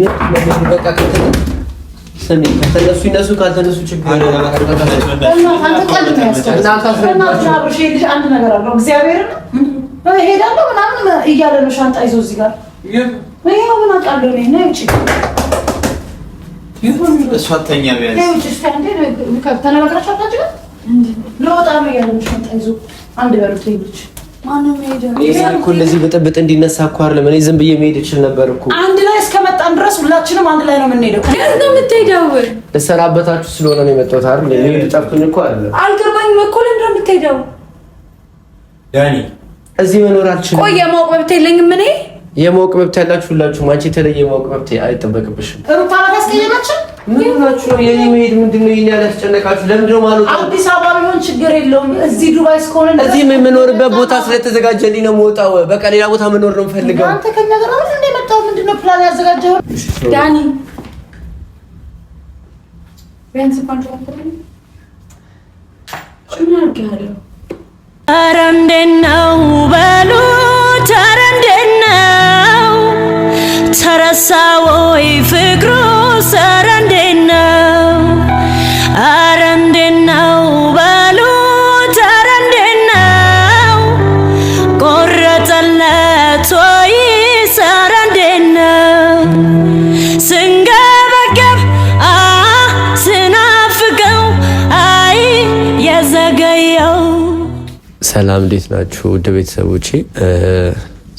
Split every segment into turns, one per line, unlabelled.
ስሜ ከተነሱ ይነሱ፣ ካልተነሱ ችግር ነገር
አለው። እግዚአብሔር ሄዳለሁ ምናምን እያለ ነው ሻንጣ ይዞ እዚህ ጋር ይኸው ምን አውቃለሁ እኔ ነው ችግር ተነጋግራችሁ አታችሁ ለወጣ ነው እያለ ነው ሻንጣ ይዞ አንድ በሉ ትሄዶች ይሄን
እኮ እንደዚህ ብጥብጥ እንዲነሳ እኮ አይደለም። እኔ ዝም ብዬ መሄድ እችል ነበር እኮ።
አንድ ላይ እስከመጣን ድረስ ሁላችንም አንድ ላይ ነው የምንሄደው። ግን ነው የምትሄደው።
ስለሆነ ነው የመጣሁት አይደል? ጠፍቶኝ እኮ አይደለም።
አልገባኝም እኮ ለምንድን ነው የምትሄደው
ዳኒ?
እዚህ መኖር አልችልም።
ቆይ የማወቅ መብት የለኝም እኔ የማወቅ መብት ያላችሁ ሁላችሁ አንቺ የተለየ የማወቅ መብት አይጠበቅብሽም። ሩታ ምን ናችሁ? የኔ መሄድ ምንድን ነው? ይሄን ያላስጨነቃችሁ ለምንድን ነው ማለት? ነው? አዲስ አበባ ቢሆን ችግር የለውም። እዚህ ዱባይ እስከሆነ እዚህ የምኖርበት ቦታ ስለተዘጋጀልኝ ነው የምወጣው። በቃ ሌላ ቦታ መኖር ነው የምፈልገው። አንተ ከኛ ጋር አሁን እንደ መጣው ምንድን ነው ፕላን ያዘጋጀው? ዳኒ ቢያንስ እንኳን ኧረ እንዴት ነው በሉት ኧረ እንዴት ረሳ ወይ ፍቅሩ ሰራ እንዴት ነው? አረ እንዴት ነው በሉት፣ አረ እንዴት ነው ቆረጠለት ወይስ አረ እንዴት ነው? ስንገበገብ ስናፍቀው አይ የዘገየው። ሰላም እንዴት ናችሁ ውድ ቤተሰቦቼ?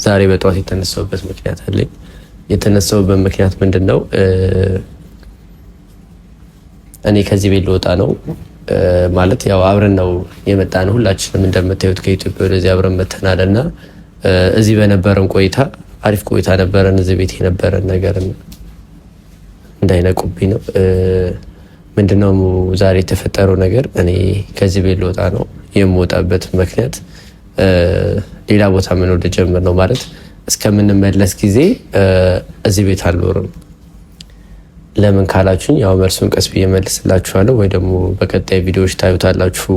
ዛሬ በጠዋት የተነሳሁበት ምክንያት አለኝ። የተነሳውበት ምክንያት ምንድን ነው? እኔ ከዚህ ቤት ልወጣ ነው ማለት ያው አብረን ነው የመጣን ሁላችንም እንደምታዩት ከኢትዮጵያ ወደዚህ አብረን መተናል እና እዚህ በነበረን ቆይታ አሪፍ ቆይታ ነበረን። እዚህ ቤት የነበረን ነገር እንዳይነቁብኝ ነው። ምንድነው ዛሬ የተፈጠረው ነገር እኔ ከዚህ ቤት ልወጣ ነው። የምወጣበት ምክንያት ሌላ ቦታ መኖር ልጀምር ነው ማለት እስከምንመለስ ጊዜ እዚህ ቤት አልኖርም። ለምን ካላችሁኝ ያው መልሱን ቀስ ብዬ መልስላችኋለሁ፣ ወይ ደግሞ በቀጣይ ቪዲዮዎች ታዩታላችሁ።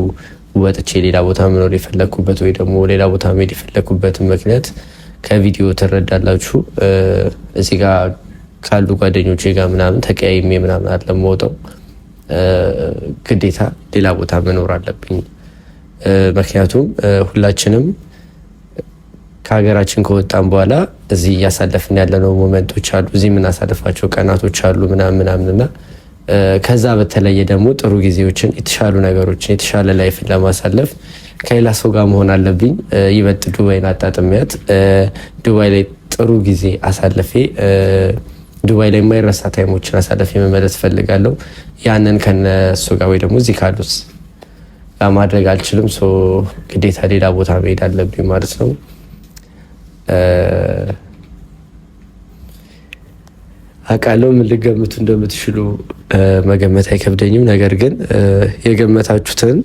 ወጥቼ ሌላ ቦታ መኖር የፈለግኩበት ወይ ደግሞ ሌላ ቦታ መሄድ የፈለግኩበትን ምክንያት ከቪዲዮ ትረዳላችሁ። እዚህ ጋር ካሉ ጓደኞች ጋር ምናምን ተቀያይሜ ምናምን አለመወጠው ግዴታ ሌላ ቦታ መኖር አለብኝ። ምክንያቱም ሁላችንም ከሀገራችን ከወጣን በኋላ እዚህ እያሳለፍን ያለነው ሞመንቶች አሉ፣ እዚህ የምናሳልፋቸው ቀናቶች አሉ ምናምን ምናምንና ከዛ በተለየ ደግሞ ጥሩ ጊዜዎችን የተሻሉ ነገሮችን የተሻለ ላይፍን ለማሳለፍ ከሌላ ሰው ጋር መሆን አለብኝ። ይበልጥ ዱባይን አጣጥሚያት ዱባይ ላይ ጥሩ ጊዜ አሳልፌ ዱባይ ላይ የማይረሳ ታይሞችን አሳልፌ መመለስ ፈልጋለሁ። ያንን ከነሱ ጋር ወይ ደግሞ እዚህ ካሉት ማድረግ አልችልም። ግዴታ ሌላ ቦታ መሄድ አለብኝ ማለት ነው። አውቃለሁ ምን ልገምቱ እንደምትችሉ መገመት አይከብደኝም። ነገር ግን የገመታችሁትን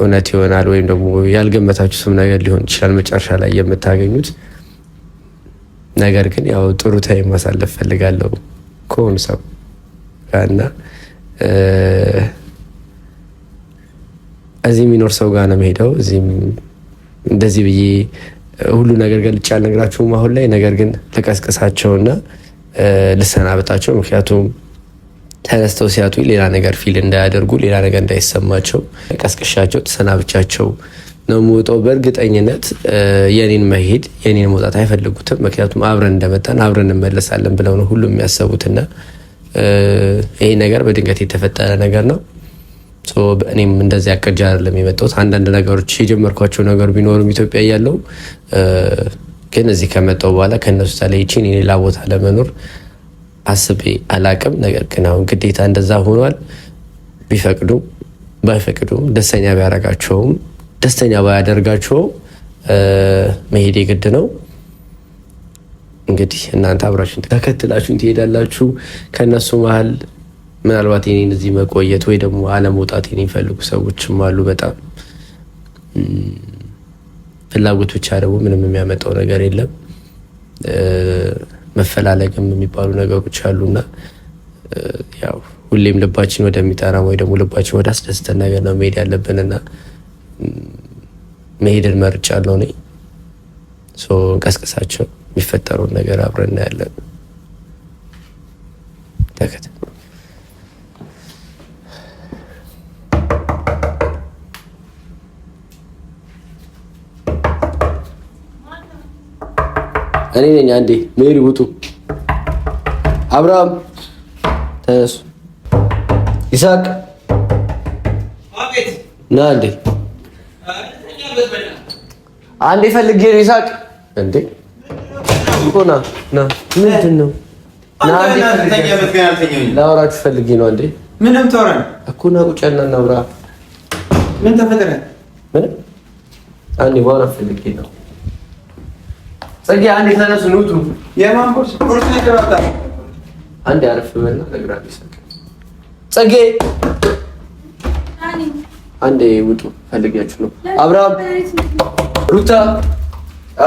እውነት ይሆናል ወይም ደግሞ ያልገመታችሁትም ነገር ሊሆን ይችላል መጨረሻ ላይ የምታገኙት። ነገር ግን ያው ጥሩ ታይም ማሳለፍ ፈልጋለሁ ከሆኑ ሰው እና እዚህ የሚኖር ሰው ጋር ነው የምሄደው። እዚህም እንደዚህ ብዬ ሁሉ ነገር ገልጬ አልነግራችሁም አሁን ላይ። ነገር ግን ልቀስቅሳቸውና ልሰናበታቸው። ምክንያቱም ተነስተው ሲያጡ ሌላ ነገር ፊል እንዳያደርጉ፣ ሌላ ነገር እንዳይሰማቸው ቀስቅሻቸው ተሰናብቻቸው ነው የምወጣው። በእርግጠኝነት የኔን መሄድ የኔን መውጣት አይፈልጉትም። ምክንያቱም አብረን እንደመጣን አብረን እንመለሳለን ብለው ነው ሁሉ የሚያሰቡትና ይሄ ነገር በድንገት የተፈጠረ ነገር ነው። እኔም እንደዚህ ያቀጃ አይደለም የመጣሁት። አንዳንድ ነገሮች የጀመርኳቸው ነገር ቢኖርም ኢትዮጵያ እያለሁ ግን እዚህ ከመጣሁ በኋላ ከእነሱ ተለይቼን የሌላ ቦታ ለመኖር አስቤ አላቅም። ነገር ግን አሁን ግዴታ እንደዛ ሆኗል። ቢፈቅዱ ባይፈቅዱም ደስተኛ ቢያረጋቸውም ደስተኛ ባያደርጋቸውም መሄድ ግድ ነው። እንግዲህ እናንተ አብራችሁን ተከትላችሁ ትሄዳላችሁ ከእነሱ መሀል ምናልባት የኔን እዚህ መቆየት ወይ ደግሞ አለመውጣት የሚፈልጉ ሰዎችም አሉ። በጣም ፍላጎት ብቻ ደግሞ ምንም የሚያመጣው ነገር የለም። መፈላለግም የሚባሉ ነገሮች አሉና ያው ሁሌም ልባችን ወደሚጠራ ወይ ደግሞ ልባችን ወደ አስደስተን ነገር ነው መሄድ ያለብንና መሄድን መርጫለሁ እኔ እንቀስቀሳቸው የሚፈጠረውን ነገር አብረን እናያለን። ተከተ እኔ ነኝ። አንዴ ሜሪ ውጡ። አብርሃም ተነሱ። ይስሐቅ ና። አንዴ አንዴ ፈልጌ ነው። ይስሐቅ እንዴ ሆና ና። ምንድን ነው? ና አንዴ ላወራችሁ ፈልጌ ነው። አንዴ ምንም ተወራን እኮ ና ቁጭ ያልና እናውራ። ምን ተፈጠረ? ምን አንዴ ዋራ ፈልጌ ነው ፅጌ አንድ ተነሱ፣ ኑጡ። የማን ቁርስ? ቁርስ ይቀራታል። አንዴ አረፍ በልና ለግራ ቢሰጥ ፅጌ አንዴ ውጡ፣ ፈልጊያችሁ ነው። አብርሃም፣ ሩታ፣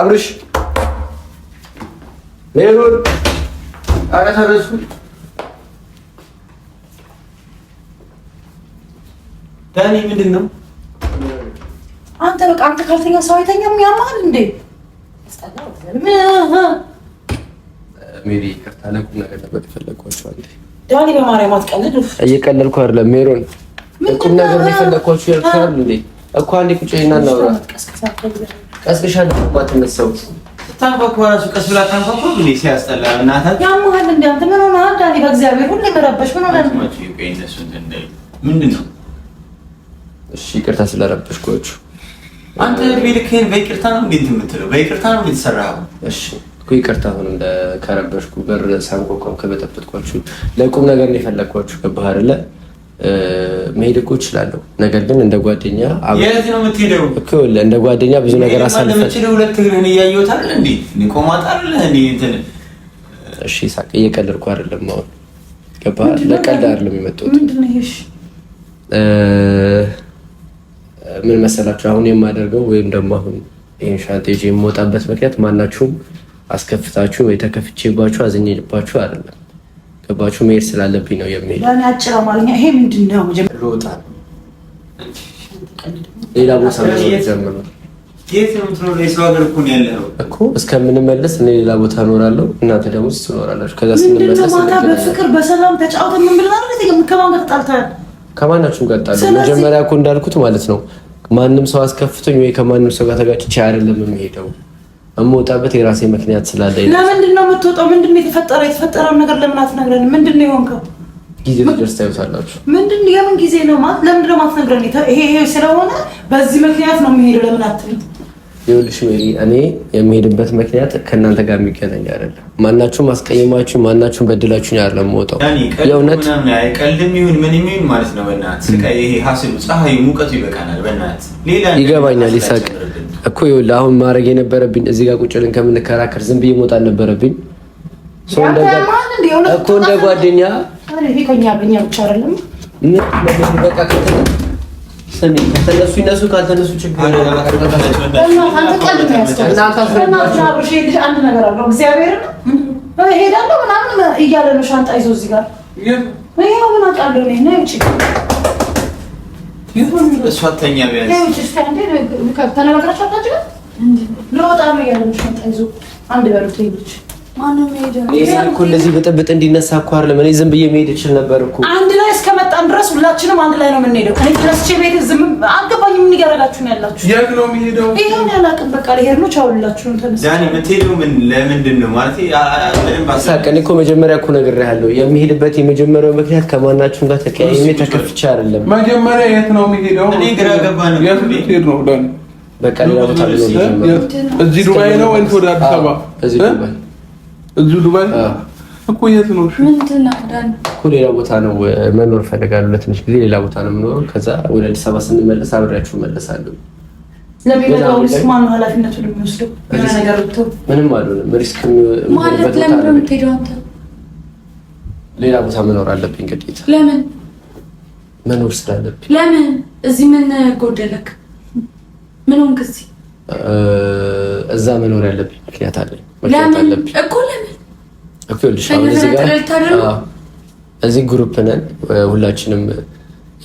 አብርሽ፣ ሜሮን፣ አረ ተነሱ። ዳኒ ምንድን ነው አንተ? በቃ አንተ ካልተኛ ሰው አይተኛም። ያማል እንዴ? ሜሪ ይቅርታ፣ ለቁም ነገር ነበር የፈለኳቸው። ዳኒ በማርያም አትቀልድ። እየቀለድኩ አይደለም ሜሮን፣ ቁም ነገር ነው የፈለኳቸው። ያልኩሻል እንዴ እኮ አንዴ ቁጭ እና እናውራ። ቀስቅሻ ማትነሳው ታንኳኳ ራሱ ቀስ ብላ ታንኳኳ ብሎ ሲያስጠላ እናታት ያሙሃል። እንዳንተ ምን ሆነ ዳኒ? በእግዚአብሔር ሁሌ መረበሽ ምን ሆነ? ምንድን ነው? እሺ ይቅርታ ስለረበሽኳችሁ አንተ እድሜ በይቅርታ ነው እንዴት የምትለው? በይቅርታ ነው የተሰራው። እሺ እኮ ይቅርታ፣ አሁን ከረበሽኩ በር ሳንቋቋም ከበጠበጥኳችሁ ለቁም ነገር ነው የፈለግኳችሁ። ገባህ አይደለ? መሄድ እኮ እችላለሁ፣ ነገር ግን እንደ ጓደኛ የት ነው የምትሄደው? እኮ እንደ ጓደኛ ብዙ ነገር አሳልፈን የምትሄደው ሁለት እግርህን እያየሁት አይደል እንዴ? እኔ ቆማጣ እንዴ? እንትን እሺ፣ ሳቅ እየቀለድኩ አይደለም። አሁን ገባህ? ለቀልድ አይደለም የመጣሁት። ምንድን ነው ይሄ? እሺ ምን መሰላችሁ አሁን የማደርገው ወይም ደግሞ አሁን ይህን ሻንቴጅ የምወጣበት ምክንያት ማናችሁም አስከፍታችሁ ወይ ተከፍቼባችሁ አዝኜባችሁ አይደለም። ገባችሁ? መሄድ ስላለብኝ ነው የሚሄድ። ነው? ሌላ ቦታ እኮ እስከምንመለስ እኔ ሌላ ቦታ እኖራለሁ፣ እናንተ ደግሞ ትኖራላችሁ። ከዛ ስንመለስ በፍቅር በሰላም ተጫውተን ምን ብለናል? ከማናችሁም ቀጣለሁ። መጀመሪያ እኮ እንዳልኩት ማለት ነው ማንም ሰው አስከፍቶኝ ወይ ከማንም ሰው ጋር ተጋጭቼ አይደለም የሚሄደው የምወጣበት የራሴ ምክንያት ስላለኝ። ለምንድን ነው የምትወጣው? ምንድን ነው የተፈጠረው? የተፈጠረውን ነገር ለምን አትነግረንም? ምንድን ነው የሆንከው? ጊዜ ትደርስ ታዩታላችሁ። ምንድን የምን ጊዜ ነው ማለት? ለምንድን ነው የማትነግረን? ይሄ ይሄ ስለሆነ በዚህ ምክንያት ነው የሚሄደው ለምን አትልም? ይኸውልሽ ወይ እኔ የሚሄድበት ምክንያት ከእናንተ ጋር የሚገናኝ አይደለም። ማናችሁም አስቀይማችሁ ማናችሁም በድላችሁኝ አይደለም። ወጣው የእውነት ቀልድም ይሁን ምንም ይሁን ማለት ነው። በእናትህ ስቃይ፣ ይሄ ሀስሉ፣ ፀሐዩ፣ ሙቀቱ ይበቃናል። በእናትህ ሌላ ይገባኛል። ይሳቅ እኮ ይኸውልህ፣ አሁን ማድረግ የነበረብኝ እዚህ ጋር ቁጭ ብለን ከምንከራከር ዝም ብዬ መውጣት ነበረብኝ እኮ እንደ ጓደኛ ስሜ ከተነሱ ይነሱ፣ ካልተነሱ ችግር እሄዳለሁ ምናምን እያለ ነው ሻንጣ ይዞ እዚህ ጋር ይኸው። ምን አውቃለሁ እኔ ነው ውጭ እሷተኛ ተነጋግራችሁ ለወጣ ነው እያለ ነው ሻንጣ ይዞ አንድ በሉት ሌሎች እንደዚህ ብጥብጥ እንዲነሳ እኮ አይደለም። እኔ ዝም ብዬ መሄድ እችል ነበር እኮ። አንድ ላይ እስከመጣን ድረስ ሁላችንም አንድ ላይ ነው የምንሄደው። እኔ ድረስ ቼ ቤት ዝም አልገባኝም። ምን እያደረጋችሁ ነው ያላችሁ? የት ነው የምንሄደው? ይሄን ያላቅም። በቃ ልሄድ ነው። ቻው ሁላችሁም ተነሱ። ያኔ የምትሄደው ምን ለምንድን ነው ማለት? ይሳቅ፣ እኔ እኮ መጀመሪያ እኮ ነግሬሃለሁ። የምሄድበት የመጀመሪያው ምክንያት ከማናችሁም ጋር ተቀያይሜ ተከፍቼ አይደለም። መጀመሪያ የት ነው የምሄደው? እኔ ግራ ገባኝ። የት ልትሄድ ነው ዳኒ? በቃ ሌላ ቦታ ነው። እዚህ ዱባይ ነው ወይስ ወደ አዲስ አበባ? እዚህ ዱባይ እዚሁ ዱባይ እኮ የት ነው? እሺ እኮ ሌላ ቦታ ነው መኖር እፈልጋለሁ። ለትንሽ ጊዜ ሌላ ቦታ ነው የምኖረው። ከዛ ወደ አዲስ አበባ ስንመለስ አብሬያችሁ እመለሳለሁ። ምንም ሪስክ ለምን ሌላ ቦታ መኖር አለብኝ ግዴታ። ለምን መኖር ስላለብኝ። ለምን እዚህ ምን ጎደለክ? ምን ሆንክ እዚህ? እዛ መኖር ያለብኝ ምክንያት አለኝ። ለምን እኮ እዚህ ግሩፕ ነን፣ ሁላችንም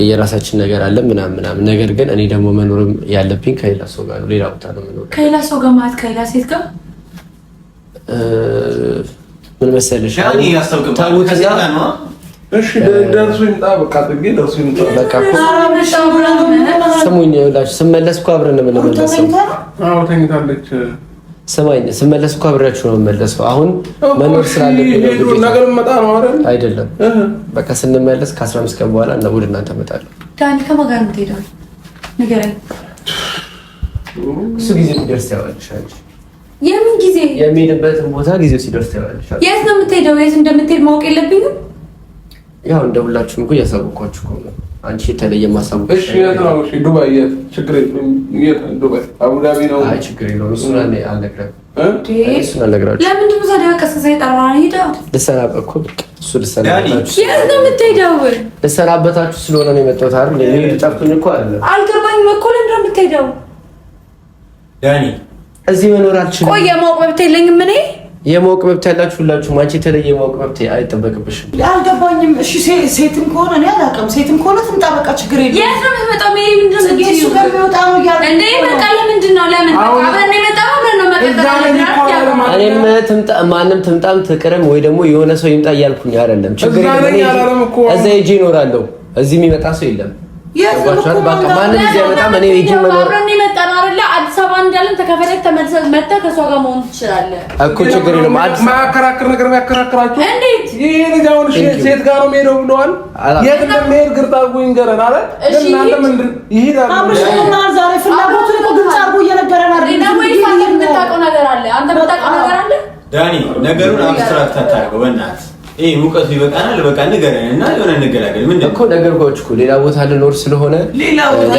የራሳችን ነገር አለ ምናምን ምናምን። ነገር ግን እኔ ደግሞ መኖርም ያለብኝ ከሌላ ሰው ጋር ነው። ሌላ ቦታ ነው መኖር። ከሌላ ሰው ጋር ማለት ከሌላ ሴት ጋር ምን መሰለሽ ስሙኝ፣ ስመለስ እኮ አብረን ነው የምንመለሰው። ስማኝ ስመለስ እኮ አብሬያችሁ ነው የምመለሰው። አሁን መኖር ስላለብኝ ነው ነገር መጣ አይደል? አይደለም። በቃ ስንመለስ ከ15 ቀን በኋላ እና ወደ እናንተ እመጣለሁ። ዳኒ ከማን ጋር ነው የምትሄደው ንገረኝ። እሱ ጊዜ ሲደርስ ታያለሽ። የምን ጊዜ? የሚሄድበትን ቦታ ጊዜው ሲደርስ ታያለሽ። የት ነው የምትሄደው? የት እንደምትሄድ ማወቅ የለብኝም። ያው እንደ ሁላችሁም እኮ እያሳወቅኳችሁ እኮ ነው አንቺ የተለየ ማሳወቅ እሺ፣ የት ነው? እሺ፣ ዱባይ የት? ችግር የለም። የት ነው? ዱባይ አቡዳቢ ነው። አይ ችግር የለውም። እሱን አልነግረህም። እሱን አልነግራችሁም። ለምንድን ነው ታዲያ ቀስቅሰህ የጠራኸኝ? ሂድ ልሰናበት እኮ እሱ ልሰናበታችሁ። የት ነው የምትሄደው? ልሰናበታችሁ ስለሆነ ነው የመጣሁት አይደል? የሚሄድ ጠፍቶኝ እኮ አለ። አልገባኝም እኮ ለምንድን ነው የምትሄደው? ዳኒ፣ እዚህ መኖር አልችልም። ቆይ የማወቅ መብት የለኝም እኔ የማወቅ መብት ያላችሁ ሁላችሁም፣ አንቺ የተለየ የማወቅ መብት አይጠበቅብሽም። አልገባኝም። እሺ ሴትም ከሆነ እኔ አላውቅም። ሴትም ከሆነ ትምጣ፣ በቃ ችግር የለም። የት ነው የምትመጣው? ማንም ትምጣም ትቅርም ወይ ደግሞ የሆነ ሰው ይምጣ እያልኩኝ አይደለም። ችግር የለም። እዛ ሄጄ እኖራለሁ። እዚህ የሚመጣ ሰው የለም። ማንም እዚህ አይመጣም። እኔ ሄጄ መኖር እንዳለን ተከፈለክ ተመልሰህ መጣ ከሷ ጋር መሆን ትችላለህ እኮ ችግር የለም። አዲስ ማያከራክር ነገር የሚያከራክራችሁ እንዴት ይሄ ልጅ አሁን ሴት ጋር ነው የምሄደው ብለዋል። የት እንደሚሄድ ግርጥ አድርጎ ይንገረን አለ። እናንተ ምንድን ይሄዳል አብርሽ እና ዛሬ ፍላጎት ነው ግልጽ አድርጎ እየነገረን አይደል? ደግሞ ይፋን የምታውቀው ነገር አለ። አንተ የምታውቀው ነገር አለ። ዳኒ ነገሩን አብስትራክት አታድርገው በእናትህ። ይሄ እውቀቱ ይበቃናል። በቃ ንገረን እና የሆነ እንገላገል። ምንድን እኮ ነገርኳችሁ እኮ ሌላ ቦታ ልኖር ስለሆነ ሌላ ቦታ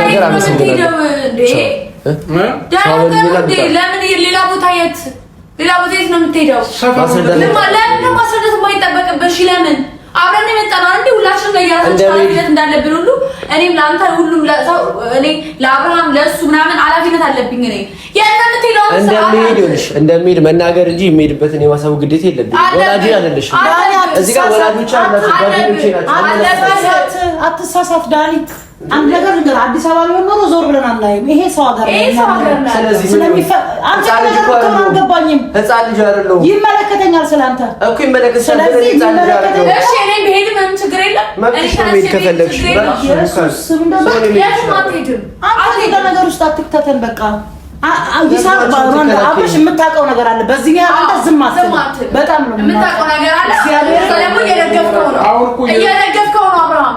ነገር አመሰግናለሁ። ለምን ሌላ ቦታ የት ሌላ ቦታ የት ነው የምትሄደው? ለምን ማስረዳት የማይጠበቅብሽ? ለምን አብረን የመጣነው አንዴ ሁላችንም ኃላፊነት እንዳለብን ሁሉ እኔም ለአንተ ሁሉም ለሰው እኔ ለአብርሃም ለእሱ ምናምን ኃላፊነት አለብኝ። እኔ እንደሚሄድ ይኸውልሽ እንደሚሄድ መናገር እንጂ የሚሄድበትን የማሳቡ ግዴታ የለብኝ። ወላጅ አይደለሽ እዚህ ጋር ወላጆች አትሳሳት ዳኒ አንድ ነገር ነገር አዲስ አበባ ቢሆን ኖሮ ዞር ብለን አናይም። ይሄ ሰው ሀገር ነው። ስለዚህ ስለሚፈ አንተ ነገር ከምን አልገባኝም። ህፃን ልጅ አይደለሁም። ይመለከተኛል ስለአንተ እኮ ይመለከተኛል። ስለዚህ ይመለከተኛል። እሺ እኔ ብሄድ ምንም ችግር የለም። መብትሽ ነው መሄድ ከፈለግሽ። አንተ ነገር ውስጥ አትክተተን በቃ ይሳቅ ባሮን አብሽ የምታውቀው ነገር አለ። በዚህ ጋር አንተ ዝም አትል። በጣም ነው የምታውቀው ነገር አለ። እግዚአብሔር ደግሞ እየደገፍከው ነው፣ እየደገፍከው ነው አብርሃም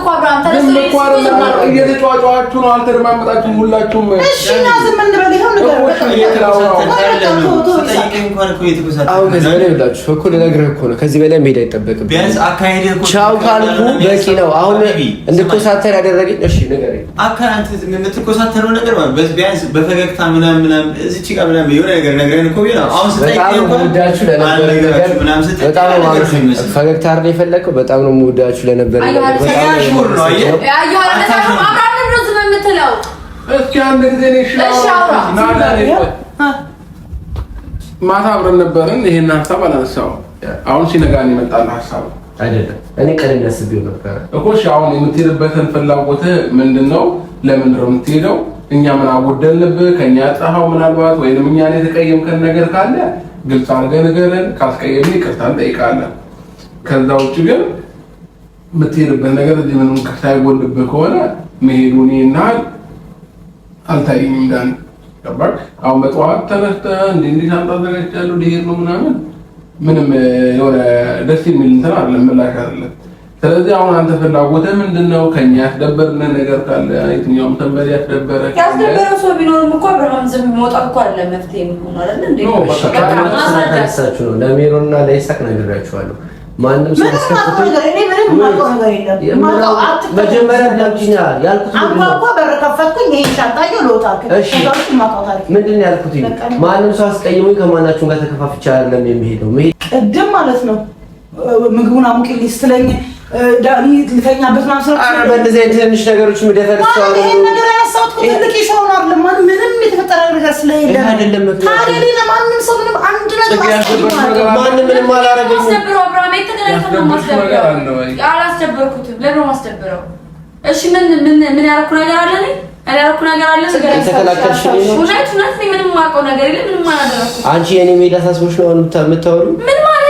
እኮ አብርሃም ተነስቶ እየተጫዋጫችሁ ነው። አልተደማመጣችሁም ከዚህ በላይ መሄድ አይጠበቅም። ቻው ካልኩ በቂ ነው። አሁን እንድኮሳተር ያደረገኝ እሺ ነገር በጣም ነው የምወዳችሁ ለነበረ መሽሙር ነው። አየህ የምትለው እስኪ አንድ ጊዜ ማታ አብረን ነበርን። ይሄን ሀሳብ አላነሳውም። አሁን ሲነጋን ይመጣል ሀሳብ አይደለም እኔ ቀደም ያስቤው ነበረ እኮ። አሁን የምትሄድበትን ፍላጎት ምንድን ነው? ለምንድን ነው የምትሄደው? እኛ ምን አጎደልንብህ? ከእኛ ያጣኸው ምናልባት ወይንም እኛ የተቀየምከን ነገር ካለ ግልጽ አድርገህ ንገረን። ካስቀየምን ይቅርታ እንጠይቃለን። ከዛ ውጭ ግን የምትሄድበት ነገር እዚህ ምንም ሳይጎልብህ ከሆነ መሄዱ እኔ እና አልታየኝም። ዳን ገባክ? አሁን በጠዋት ተነስተህ እንዲህ እንዲህ ሻንጣ አዘጋጅቻለሁ ልሄድ ነው ምናምን ምንም የሆነ ደስ የሚል እንትን አይደለም፣ ምላሽ አይደለም። ስለዚህ አሁን አንተ ፍላጎትህ ምንድን ነው? ከኛ ያስደበርን ነገር ካለ የትኛውም ተንበል ያስደበረ ያስደበረ ሰው ቢኖርም እኮ አብርሃም ዝም መውጣት እኮ አለ መፍትሄ የሚሆን አይደል እንዴ? ነው በቃ ለይሳቅ ነግራችኋለሁ ማንም ሰው አስከፍቶ እኔ ምንም ማቆም መጀመሪያ ያልኩት አንኳኳ በር እሺ፣ ነው ያልኩት? ማንም ሰው አስቀይሞኝ ከማናችሁም ጋር ተከፋፍቼ አይደለም የሚሄደው። ቅድም ማለት ነው ምግቡን አሙቂልኝ ስትለኝ ልተኛበት ምናምን ስራ በእንደዚህ አይነት ትንሽ ነገሮች ምደፈርሰዋል ያነሳሁት እኮ ትልቅ ይሾ ነው አይደለም። ምንም የተፈጠረ ነገር ስለሌለ አይደለም። ታዲያ እኔ ሰው ምንም አንድ ነገር ምንም አላደረገኝም። አስደብረው ለምን ማስደብረው? እሺ ምን ምን ምን ያደረኩ ነገር አለ? ያደረኩ ነገር አለ? ተከላከልሽ። ምንም የማውቀው ነገር ምንም አንቺ ሜዳ ነው ምን ማለት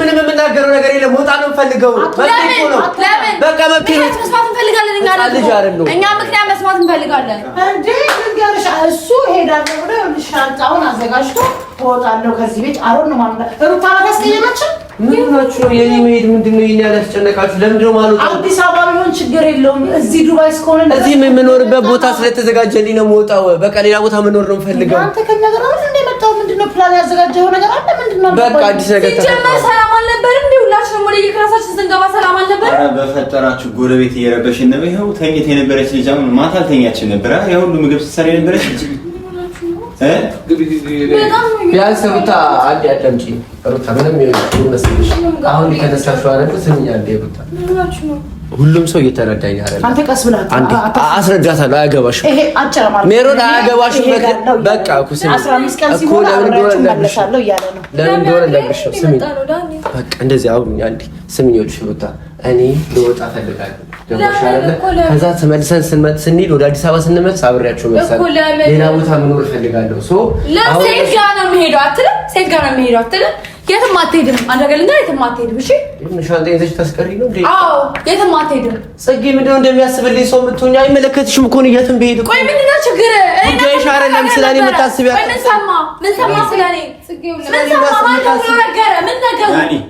ምንም የምናገረው ነገር የለም። ወጣ ነው የምፈልገው። በቃ መስማት እንፈልጋለን። እኛ ምክንያት መስማት እንፈልጋለን። እሱ እሄዳለሁ ብሎ ሻንጣውን አዘጋጅቶ እወጣለሁ ከዚህ ቤት ምንድን ነው? ይሄን ያላስጨነቃችሁ አዲስ አበባ ቢሆን ችግር የለውም። እዚህ ዱባይ እስከሆነ እዚህ የምኖርበት ቦታ ስለተዘጋጀልኝ ነው የምወጣው። በቃ ሌላ ቦታ መኖር ነው የምፈልገው። የመጣው ምንድነው? ፕላን ያዘጋጀው ነገር አለ ምንድነው? በቃ አዲስ ነገር ሲጀመር ሰላም አልነበረም። እንዴ ሁላችንም ወደ የክላሳችን ስንገባ ሰላም አልነበረም። አረ በፈጠራችሁ ጎረቤት እየረበሽ ነው። ይሄው ተኝት የነበረች ልጅ አሁን ማታ አልተኛችን ነበር። ይኸው ሁሉ ምግብ ስትሰራ የነበረች ልጅ እ ቢያንስ ሩታ አንድ አዳምጪ። ሩታ ምንም ይመስልሽ አሁን የተነሳሽው አይደል? ስሚኝ አንዴ ሩታ ሁሉም ሰው እየተረዳኝ አይደለም። አንተ ቀስ ብለህ አስረዳታለሁ። አያገባሽም፣ ሜሮን አያገባሽም። በቃ እኮ እኔ ልወጣ ፈልጋለሁ። ከዛ ተመልሰን ስንሄድ ወደ አዲስ አበባ ስንመልስ አብሬያቸው ሌላ ቦታ መኖር ፈልጋለሁ። ሴት ጋር ነው የምሄደው አትልም? ሴት ጋር ነው የምሄደው አትልም? የትም አትሄድም። አንድ ነገር ልንገርህ፣ የትም አትሄድም። እሺ ሻንጣ ይዘሽ ታስቀሪኝ ነው አዎ፣ የትም አትሄድም። ጽጌ ምንድነው እንደሚያስብልኝ ሰው የምትሆኝ አይመለከትሽም እኮ ነው። የትም ብሄድ ቆይ፣ ምንድን ነው ችግር? ጉዳይሽ አይደለም ስለ እኔ የምታስቢው። ምን ሰማ? ምን ሰማ? ስለ እኔ ጽጌ ምን ሰማ? ማለት ነው ነገረ ምን ነገሩ?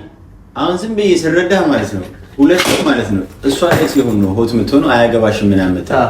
አሁን ዝም ብዬ ስረዳህ ማለት ነው ሁለቱም ማለት ነው እሷ ላይ ሲሆን ነው ሆት የምትሆነው አያገባሽም ምናምን የምትለው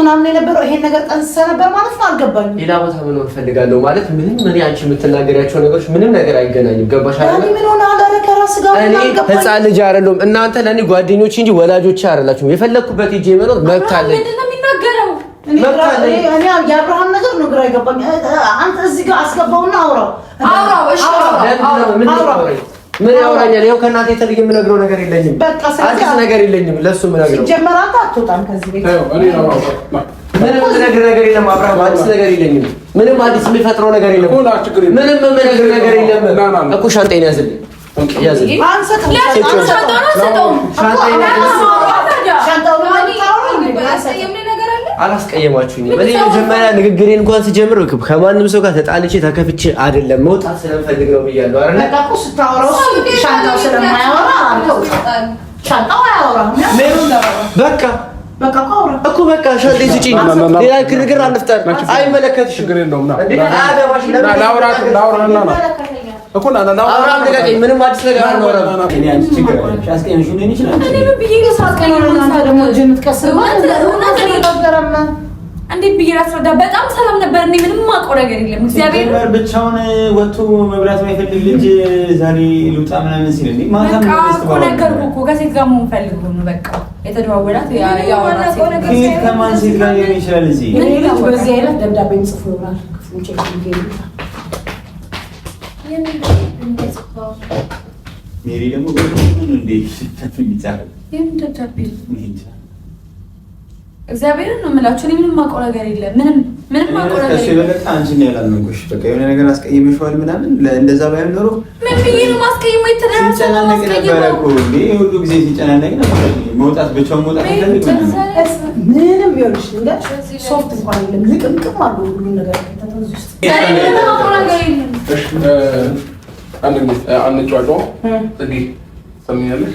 ምናምን የነበረው ይሄን ነገር ጠንስሰ ነበር ማለት ነው። አልገባኝም። ሌላ ቦታ ምን እፈልጋለሁ ማለት ምንም ምን አንቺ የምትናገሪያቸው ነገሮች ምንም ነገር አይገናኝም። ገባሽ? ምን ሆነ አዳረ ከራስ ጋር እኔ ህፃን ልጅ አይደለሁም። እናንተ ለእኔ ጓደኞች እንጂ ወላጆች አይደላችሁም። የፈለግኩበት ሂጄ መኖር መብት አለኝ። የአብርሃም ነገር ነው ግራ ይገባኝ። አንተ እዚህ ጋር አስገባውና አውራው አውራው አውራው እሺ አውራው ምን ያወራኛል? ይኸው ከእናቴ የተለየ የምነግረው ነገር የለኝም። በቃ አዲስ ነገር የለኝም ለሱ የምነግረው። ሲጀመር አንተ አትወጣም ከዚህ ቤት። ምንም የምነግርህ ነገር የለም አብርሃም፣ አዲስ ነገር የለኝም። ምንም አዲስ የሚፈጥረው ነገር የለም። ምንም የምነግርህ ነገር የለም እኮ ሻንጤን ያዝልኝ። ያዝልኝ አላስቀየማችሁኝ። እኔ መጀመሪያ ንግግሬን እንኳን ስጀምር ከማንም ሰው ጋር ተጣልቼ ተከፍቼ አይደለም መውጣት ስለምፈልግ ነው ብያለሁ። በቃ እኮ በቃ ሻንጤ ስጪኝ፣ ሌላ ንግግር አንፍጠር። አይመለከትሽም፣ ችግር የለውም። ና ላውራት ላውራና ነው እኮ ና አዲስ ነገር አልኖረም። እኔ አንቺ ችግር እንዴት ብዬሽ ላስረዳ? በጣም ሰላም ነበር። እኔ ምንም የማውቀው ነገር የለም። እግዚአብሔር ነበር ብቻውን ወጥቶ መብራት የማይፈልግ ልጅ ዛሬ ልውጣ ምናምን ሲል ነገርኩህ እኮ ከሴት ጋር መሆን ፈልጎ ነው በቃ የተደዋወላት ከማን ሴት ጋር ሊሆን ይችላል። እዚህ በዚህ አይነት ደብዳቤን ጽፎ ይሆናል Miriam, eu vou te dar um እግዚአብሔርን ነው የምላቸው። እኔ ምንም አውቀው ነገር የለም። ምንም ምንም አውቀው ነገር የለም። የበለጠ አንቺን ያላመንኩሽ። በቃ የሆነ ነገር አስቀይመሽዋል ምናምን። እንደዛ ባይሆን ኖሮ ምን ብዬሽ ነው የማስቀይመው? ሲጨናነቅ ሁሉ ጊዜ ሲጨናነቅ ነበረ። መውጣት ብቻውን መውጣት ምንም ይኸውልሽ፣ እንደ ሶፍት እንኳን የለም። ልቅምቅም አሉ ሁሉ ነገር አንድ አንድ ጫጫ ሰሚያለሽ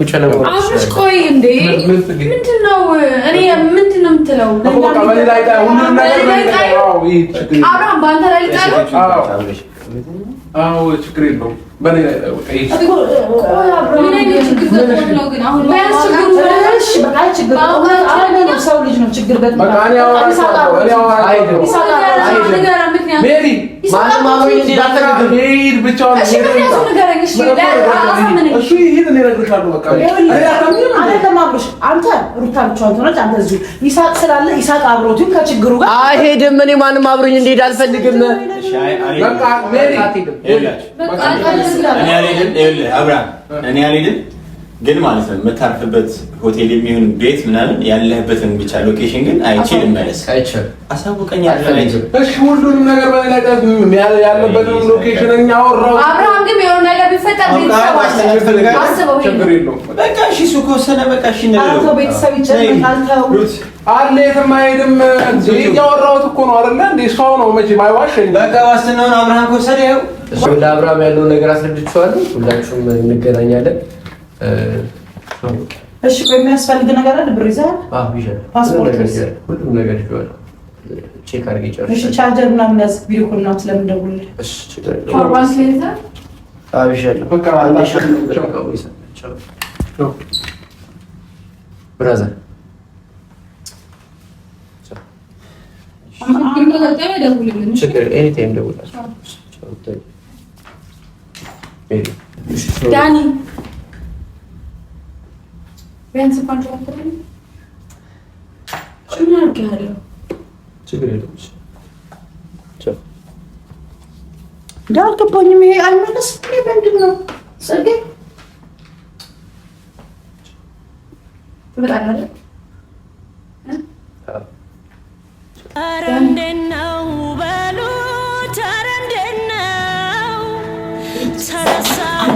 ቁጭ ነው። አብርሽ ቆይ እንዴ ምንድን ነው እኔ ምንድን ነው የምትለው? አብርሃም በአንተ ላይ ልጣለው። አዎ ችግር የለውም አይሄድም። እኔ ማንም አብሮኝ እንዲሄድ አልፈልግም። እኔ አልሄድም። ይኸውልህ አብርሃም እኔ አልሄድም ግን ማለት ነው የምታርፍበት ሆቴል የሚሆን ቤት ምናምን ያለህበትን ብቻ ሎኬሽን ግን አይቼ ልመለስ። አሳውቀኝ። እሺ ሁሉንም ነገር በነገጠት ያለበትን ሎኬሽን እኛ አወራሁ። አብርሃም ግን የሆነ ነገር ቢፈጠር በቃ እሺ፣ እሱ ከወሰነ በቃ እሺ እንለው። አለ የትም አይሄድም። እያወራሁት እኮ ነው አይደለ? እንደ እሷው ነው መቼም አይዋሸኝም። በቃ ዋስትናውን አብርሃም ከወሰደ ይኸው እሱ ለአብርሃም ያለውን ነገር አስረድቼዋለሁ። ሁላችሁም እንገናኛለን። እሺ፣ የሚያስፈልግ ነገር አለ። ብር ይዘሃል? ፓስፖርት፣ ሁሉም ነገር ይዘሃል። ቼክ አድርጌ ጨርሻለሁ። እሺ፣ ቻርጀር ምናምን ያዝ። ቪዲዮ ኮል ምናምን ስለምንደውልልህ። እሺ፣ ብራዘር ችግር ኤኒታይም ደውላለሁ። Beni. Şöyle. Yani ben sıfır çok kurayım. Şunu ne yapıyor? Çıkırıyormuş. Çok. Да, то по ним я не насплю, я думаю. Сергей. Вы так говорите?